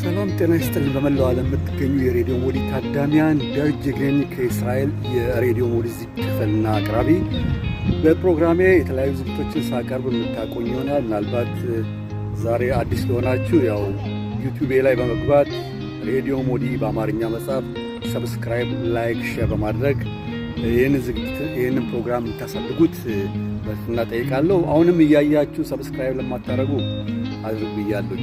ሰላም ጤና ይስጥልን። በመላው ዓለም የምትገኙ የሬዲዮ ሞዲ ታዳሚያን ደርጀ ግሬኒ ከእስራኤል የሬዲዮ ሞዲ ክፍልና አቅራቢ በፕሮግራሜ የተለያዩ ዝግቶችን ሳቀርብ የምታቆኝ ይሆናል። ምናልባት ዛሬ አዲስ ለሆናችሁ ያው ዩቲዩቤ ላይ በመግባት ሬዲዮ ሞዲ በአማርኛ መጽሐፍ ሰብስክራይብ፣ ላይክ፣ ሼር በማድረግ ይህን ይህንን ፕሮግራም የምታሳድጉት በትህትና ጠይቃለሁ። አሁንም እያያችሁ ሰብስክራይብ ለማታደርጉ አድርጉ ብያለሁ።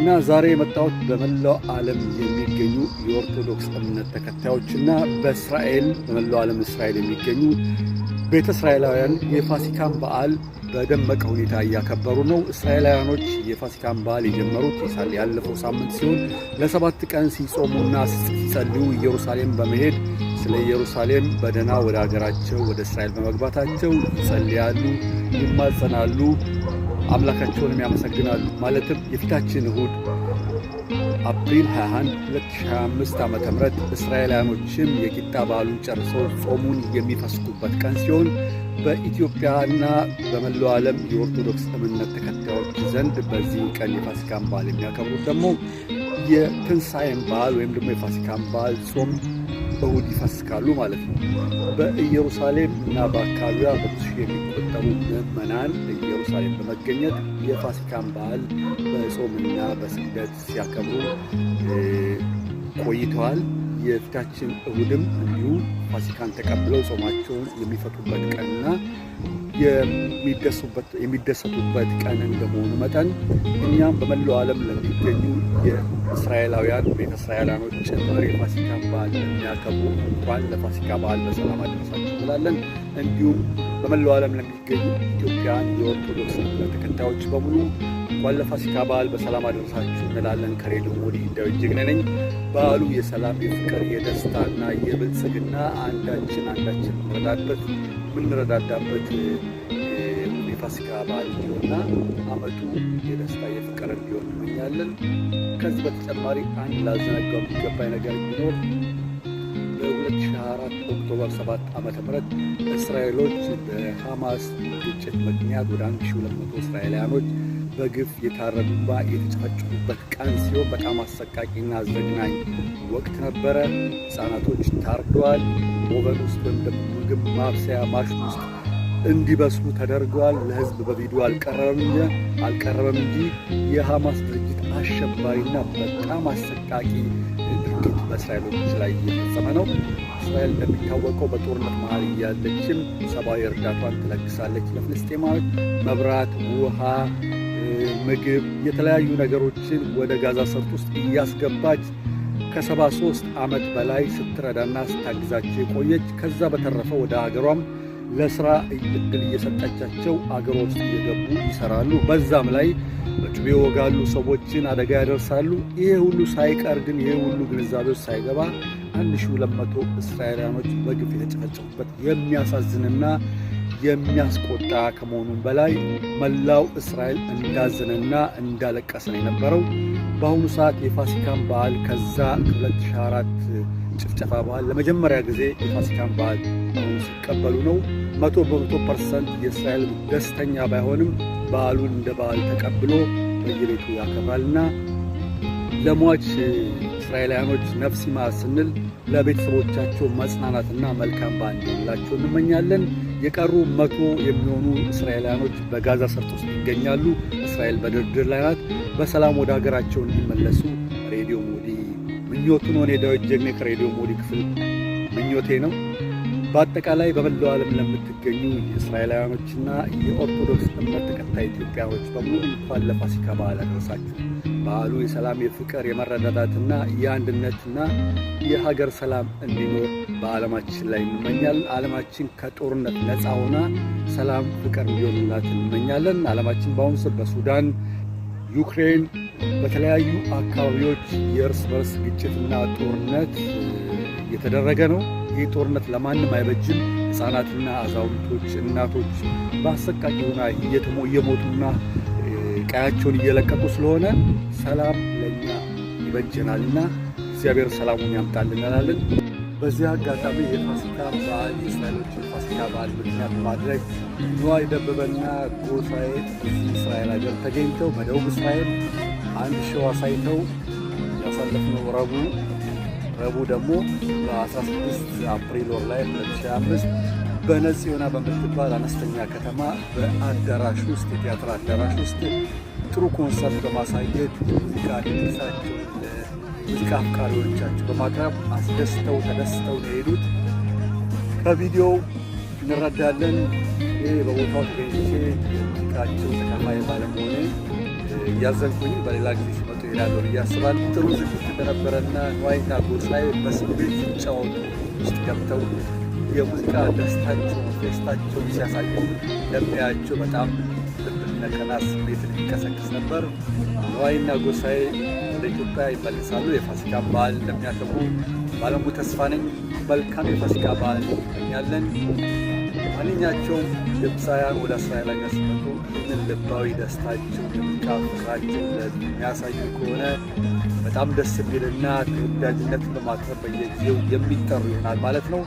እና ዛሬ የመጣሁት በመላው ዓለም የሚገኙ የኦርቶዶክስ እምነት ተከታዮችና በእስራኤል በመላው ዓለም እስራኤል የሚገኙ ቤተ እስራኤላውያን የፋሲካን በዓል በደመቀ ሁኔታ እያከበሩ ነው። እስራኤላውያኖች የፋሲካን በዓል የጀመሩት ያለፈው ሳምንት ሲሆን ለሰባት ቀን ሲጾሙና ሲጸልዩ ኢየሩሳሌም በመሄድ ስለ ኢየሩሳሌም በደህና ወደ ሀገራቸው ወደ እስራኤል በመግባታቸው ይጸልያሉ፣ ይማጸናሉ። አምላካቸውንም ያመሰግናሉ። ማለትም የፊታችን እሁድ አፕሪል 21 2025 ዓ ም እስራኤላውያኖችም የቂጣ በዓሉን ጨርሰው ጾሙን የሚፈስኩበት ቀን ሲሆን በኢትዮጵያና በመላው ዓለም የኦርቶዶክስ እምነት ተከታዮች ዘንድ በዚህ ቀን የፋሲካን በዓል የሚያከብሩት ደግሞ የትንሣኤን በዓል ወይም ደግሞ የፋሲካን በዓል ጾም እሁድ ይፈስካሉ ማለት ነው። በኢየሩሳሌም እና በአካባቢዋ በብዙ ሺህ የሚቆጠሩ ምዕመናን በኢየሩሳሌም በመገኘት የፋሲካን በዓል በጾምና በስግደት ሲያከብሩ ቆይተዋል። የፊታችን እሁድም እንዲሁ ፋሲካን ተቀብለው ጾማቸውን የሚፈቱበት ቀንና የሚደሰቱበት ቀን እንደመሆኑ መጠን እኛም በመላው ዓለም ለሚገኙ እስራኤላውያን ቤተ እስራኤላኖች ጭምር የፋሲካን በዓል የሚያከቡ እንኳን ለፋሲካ በዓል በሰላም አደረሳችሁ እንላለን። እንዲሁም በመላው ዓለም ለሚገኙ ኢትዮጵያን የኦርቶዶክስ እምነት ተከታዮች በሙሉ እንኳን ለፋሲካ በዓል በሰላም አደረሳችሁ እንላለን። ከሬዲዮ ሞዲ ዳዊት ጀግነ ነኝ። በዓሉ የሰላም የፍቅር፣ የደስታና የብልጽግና አንዳችን አንዳችን ምንረዳበት ምንረዳዳበት የፋሲካ በዓል እንዲሆንና አመቱ የደስታ የፍቅር እንዲሆን እንመኛለን። ከዚህ በተጨማሪ አንድ ላዘነጋው የሚገባኝ ነገር ቢኖር በ2024 ኦክቶበር 7 ዓ ም እስራኤሎች በሐማስ ግጭት ምክንያት ወደ 1200 እስራኤላውያኖች በግፍ የታረዱባ የተጨፈጨፉበት ቀን ሲሆን በጣም አሰቃቂና አዘግናኝ ወቅት ነበረ። ህፃናቶች ታርደዋል። ኦቨን ውስጥ ወይም ደግሞ ምግብ ማብሰያ ማሽን ውስጥ እንዲበስሉ ተደርገዋል። ለህዝብ በቪዲዮ አልቀረበም እንጂ አልቀረበም እንጂ የሐማስ ድርጅት አሸባሪና በጣም አሰቃቂ ድርጊት በእስራኤሎች ላይ እየፈጸመ ነው። እስራኤል እንደሚታወቀው በጦርነት መሀል እያለችም ሰብአዊ እርዳቷን ትለግሳለች ለፍልስጤማዎች፣ መብራት፣ ውሃ፣ ምግብ የተለያዩ ነገሮችን ወደ ጋዛ ሰርጥ ውስጥ እያስገባች ከሰባ ሦስት ዓመት በላይ ስትረዳና ስታግዛቸው የቆየች ከዛ በተረፈ ወደ ሀገሯም ለስራ እድል እየሰጠቻቸው አገር ውስጥ እየገቡ ይሰራሉ። በዛም ላይ በጩቤ ይወጋሉ፣ ሰዎችን አደጋ ያደርሳሉ። ይሄ ሁሉ ሳይቀር ግን ይሄ ሁሉ ግንዛቤዎች ሳይገባ አንድ ሺህ እስራኤላውያኖች በግፍ የተጨፈጨፉበት የሚያሳዝንና የሚያስቆጣ ከመሆኑም በላይ መላው እስራኤል እንዳዘነና እንዳለቀሰ ነው የነበረው። በአሁኑ ሰዓት የፋሲካን በዓል ከዛ 2004 ጭፍጨፋ በዓል ለመጀመሪያ ጊዜ የፋሲካን በዓል ሲቀበሉ ነው። መቶ በመቶ ፐርሰንት የእስራኤል ደስተኛ ባይሆንም በዓሉን እንደ በዓል ተቀብሎ በየቤቱ ያከብራልና ለሟች እስራኤላውያኖች ነፍስ ይማር ስንል ለቤተሰቦቻቸው መጽናናትና መልካም በዓል እንዲሆንላቸው እንመኛለን። የቀሩ መቶ የሚሆኑ እስራኤላውያኖች በጋዛ ሰርጥ ውስጥ ይገኛሉ። እስራኤል በድርድር ላይ ናት። በሰላም ወደ ሀገራቸው እንዲመለሱ ሬዲዮ ሞዲ ምኞቱን ሆኔ እኔ ዳዊት ጀግኔ ከሬዲዮ ሞዲ ክፍል ምኞቴ ነው። በአጠቃላይ በመላው ዓለም ለምትገኙ የእስራኤላውያኖችና የኦርቶዶክስ እምነት ተከታይ ኢትዮጵያኖች በሙሉ እንኳን ለፋሲካ በዓል አደረሳችሁ። በዓሉ የሰላም፣ የፍቅር፣ የመረዳዳትና የአንድነትና የሀገር ሰላም እንዲኖር በዓለማችን ላይ እንመኛለን። ዓለማችን ከጦርነት ነፃ ሆና ሰላም፣ ፍቅር እንዲሆንላት እንመኛለን። ዓለማችን በአሁኑ ሰዓት በሱዳን፣ ዩክሬን፣ በተለያዩ አካባቢዎች የእርስ በርስ ግጭትና ጦርነት እየተደረገ ነው። ይህ ጦርነት ለማንም አይበጅም። ሕፃናትና አዛውንቶች፣ እናቶች በአሰቃቂ ሆና እየተሞ እየሞቱና ቀያቸውን እየለቀቁ ስለሆነ ሰላም ለእኛ ይበጀናልና እግዚአብሔር ሰላሙን ያምጣልን እንላለን። በዚህ አጋጣሚ የፋሲካ በዓል የእስራኤሎች የፋሲካ በዓል ምክንያት ማድረግ ነዋይ ደበበና ጎሳዬ እስራኤል ሀገር ተገኝተው በደቡብ እስራኤል አንድ ሸዋ ሳይተው ያሳለፍነው ረቡዕ ረቡዕ ደግሞ በ 16 አፕሪል ወር ላይ 2025 በነጽዮና በምትባል አነስተኛ ከተማ በአዳራሽ ውስጥ የቲያትር አዳራሽ ውስጥ ጥሩ ኮንሰርት በማሳየት ሙዚቃ ድግሳቸው ሙዚቃ አፍቃሪዎቻቸው በማቅረብ አስደስተው ተደስተው የሄዱት ከቪዲዮው እንረዳለን። ይህ በቦታው ተገኝቼ ሙዚቃቸው ተቀባይ ባለመሆኔ እያዘንኩኝ በሌላ ጊዜ እሄዳለሁ ብዬ አስባለሁ። ጥሩ ዝግጅት እንደነበረና ንዋይና ጎስ ላይ በሰው ሲጫወቱ ውስጥ ገብተው የሙዚቃ ደስታቸው ደስታቸውን ሲያሳዩ ለሚያያቸው በጣም ልብነቀና ስሜትን የሚቀሰቅስ ነበር። ንዋይና ጎሳዬ ወደ ኢትዮጵያ ይመልሳሉ። የፋሲካ በዓል እንደሚያከብሩ ባለሙሉ ተስፋ ነኝ። መልካም የፋሲካ በዓል ያለን ማንኛቸውም ግብፃውያን ወደ እስራኤል አገር ሲመጡ ይህንን ልባዊ ደስታቸው የሚቃፍራቸው የሚያሳዩ ከሆነ በጣም ደስ የሚልና ተወዳጅነት በማቅረብ በየጊዜው የሚጠሩ ይሆናል ማለት ነው።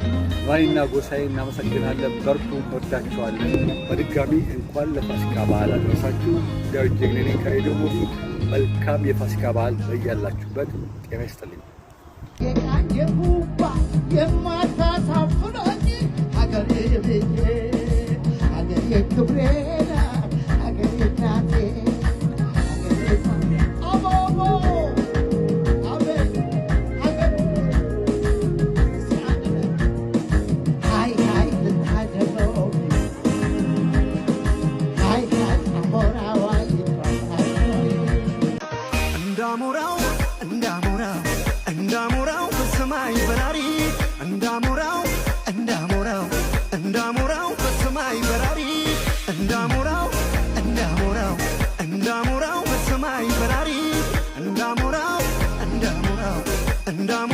ራኒና ጎሳዬ እናመሰግናለን። በርቱ፣ እንወዳቸዋለን። በድጋሚ እንኳን ለፋሲካ በዓል አደረሳችሁ። ዳዊት ጀግኔኔ ከሬዲዮ ሞቢል መልካም የፋሲካ በዓል በያላችሁበት ጤና ይስጥልኝ። የማታሳፍ I'm not here to